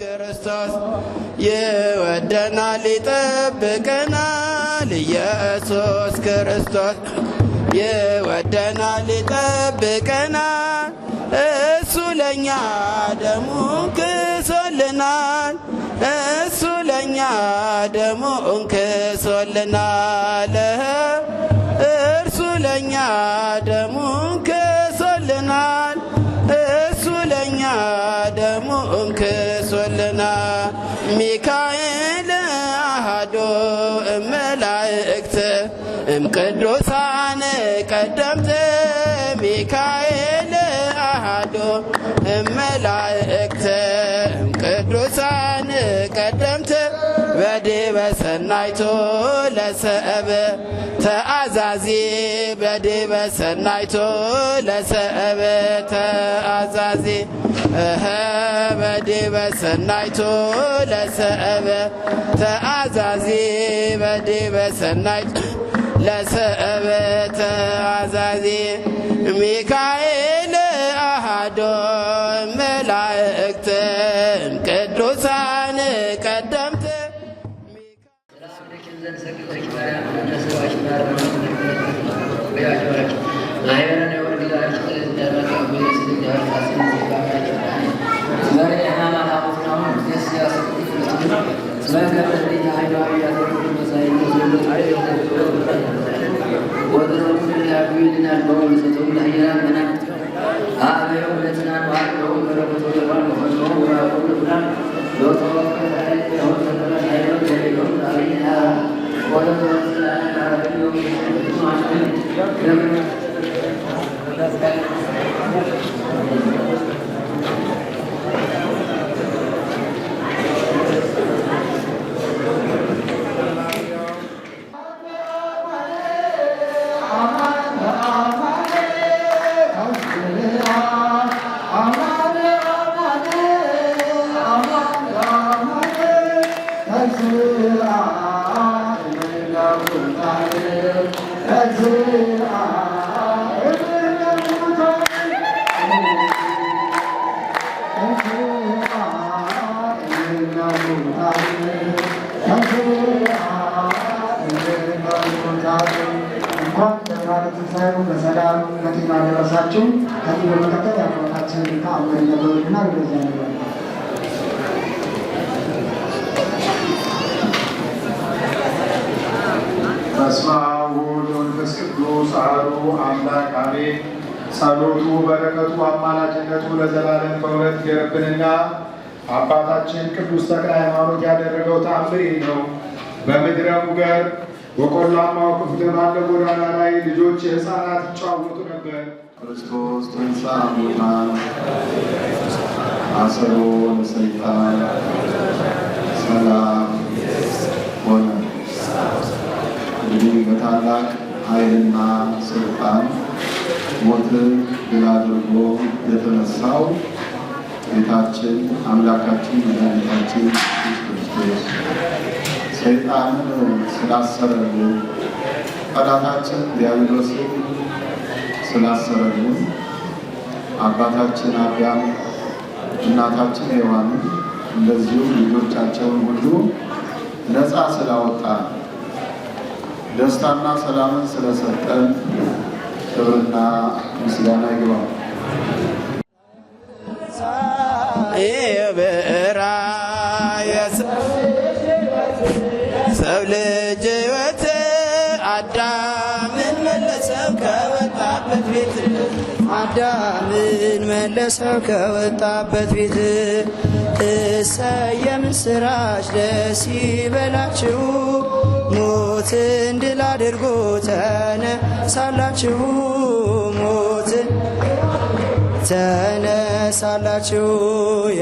ክርስቶስ ይወደናል፣ ይጠብቀናል። ኢየሱስ ክርስቶስ ይወደናል፣ ይጠብቀናል። እሱ ለእኛ ደሙ ክሶልናል። እሱ ለእኛ ደሙ ክሶልናል። እርሱ ለእኛ ደሙ ክሶልናል። እሱ ለእኛ ደሙ ክሶልናል። ሚካኤል አሃዶ እመላእክት እምቅዱሳን ቀደምት ሚካኤል አሃዶ እመላእክት እምቅዱሳን ቀደምት በዲበ ሰናይቱ ለሰእብ ተአዛዚ በዲበ ሰናይቱ ለሰእብ ተአዛዚ በዲበ ሰናይቶ ለሰአበ ተአዛዚ በዲበ ሰናይቶ ለሰአበ ተአዛዚ ሚካኤል አሃዶ መላእክት ቅዱሳን ቀደምት ሀይለን በሰላም በጤና ደረሳችሁ። ከዚህ በመቀጠል ያቆታችን ተአምር ነገሮችና ገዛ ነገር በስመ ወወልድ ወመንፈስ ቅዱስ አሐዱ አምላክ አሜን። ጸሎቱ በረከቱ አማላጅነቱ ለዘላለም በእውነት ይደርብንና አባታችን ቅዱስ ተክለ ሃይማኖት ያደረገው ተአምር ነው። በምድረ ሙገር በቆላማው ክፍት ባለ ጎዳና ላይ ልጆች የሕፃናት ይጫወቱ ነበር። ክርስቶስ ተንሳ እሙታን አሰሮ ለሰይጣን ሰላም ሆነ። እንግዲህ በታላቅ ኃይልና ስልጣን ሞትን ድል አድርጎ የተነሳው ጌታችን አምላካችን መድኃኒታችን ሰይጣንን ስላሰረሉ ጠላታችን ዲያብሎስን ስላሰረሉ አባታችን አብያም እናታችን ሔዋን እንደዚሁም ልጆቻቸውን ሁሉ ነፃ ስላወጣ ደስታና ሰላምን ስለሰጠን ክብርና ምስጋና ይግባል። ሰው ልጅ ሕይወት አዳምን መለሰው ከወጣበት ቤት አዳምን መለሰው ከወጣበት ቤት። ደስ ይበላችሁ ሞትን ድል አድርጎ ተነሳላችሁ ሞትን ተነሳላችሁ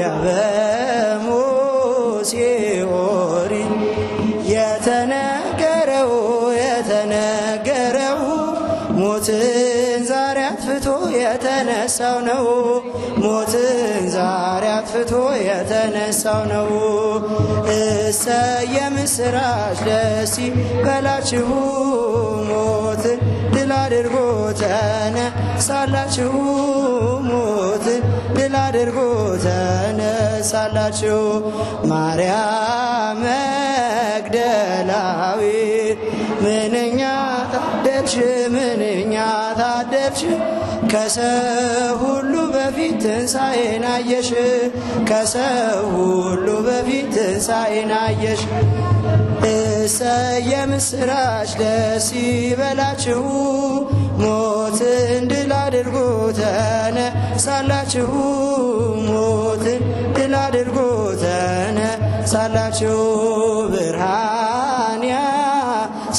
ያበሙ የተነገረው የተነገረው ሞትን ዛሬ አጥፍቶ የተነሳው ነው። ሞትን ዛሬ አጥፍቶ የተነሳው ነው። እሰየ የምስራች ደስ በላችሁ ሞትን ድል አድርጎ ተነሳላችሁ ሞትን ድል አድርጎ ተነሳላችሁ ማርያም ዳዊት ምንኛ ታደልሽ ምንኛ ታደልሽ ከሰው ሁሉ በፊት ትንሣኤን አየሽ ከሰው ሁሉ በፊት ትንሣኤን አየሽ እሰየ ምስራች ደስ ይበላችሁ ሞትን ድል አድርጎ ተነሳላችሁ ሞትን ድል አድርጎ ተነሳላችሁ ብርሃን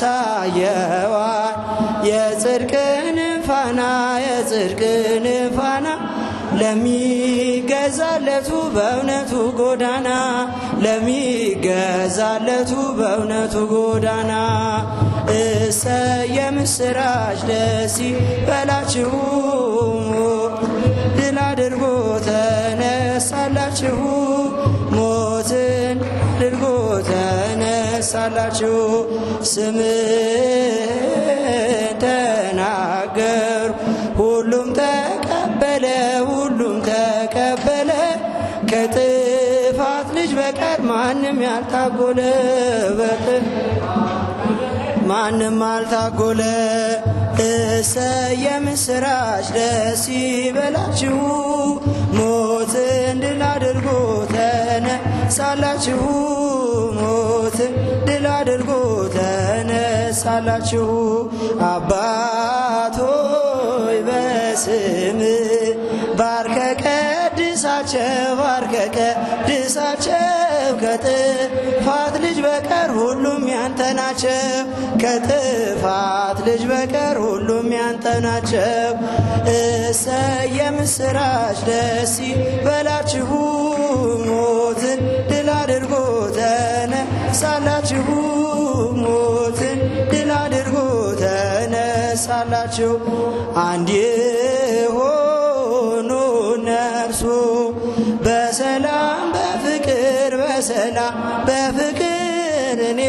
ያሳየዋል። የጽድቅን ፋና የጽድቅን ፋና ለሚገዛለቱ በእውነቱ ጎዳና ለሚገዛለቱ በእውነቱ ጎዳና እሰየ ምስራች ደስ ይበላችሁ ድል አድርጎ ተነሳላችሁ ትነሳላችሁ። ስምህን ተናገር፣ ሁሉም ተቀበለ፣ ሁሉም ተቀበለ። ከጥፋት ልጅ በቀር ማንም ያልታጎለ ማንም አልታጎለ። እሰየ የምስራች ደስ ይበላችሁ፣ ሞትን ድል አድርጎ ተነ ተነሳላችሁ ሞት ድል አድርጎ ተነሳላችሁ አባቶይ በስም ባርከ ቀድሳቸው ባርከ ቀድሳቸው ከጥፋት ልጅ በቀር ሁሉም ያንተ ናቸው ከጥፋት ልጅ በቀር ሁሉም ያንተ ናቸው። እሰየ ምስራች ደስ ሞት አድርጎ ተነሳላችሁ፣ ሞትን ድል አድርጎ ተነሳላችሁ። አንድ የሆኑ ነፍሱ በሰላም በፍቅር በሰላም በፍቅር እኔ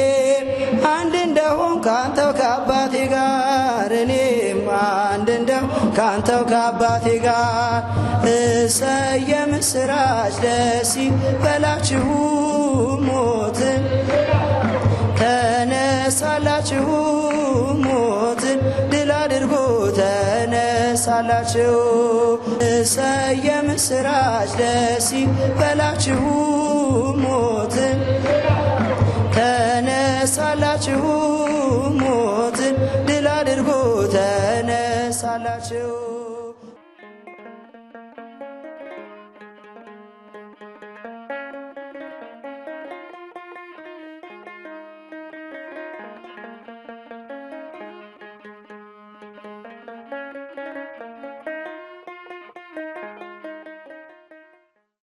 አንድ እንደሆን ካንተው ከአባቴ ጋር እኔም አንድ እንደሆን ካንተው ከአባቴ ጋር እሰየ ምስራች ደስ ይበላችሁ ሞትን ተነሳላችሁ ሞትን ድል አድርጎ ተነሳላችሁ እሰየ ምስራች ደስ ይበላችሁ ሞትን ተነሳላችሁ ሞትን ድል አድርጎ ተነሳላችሁ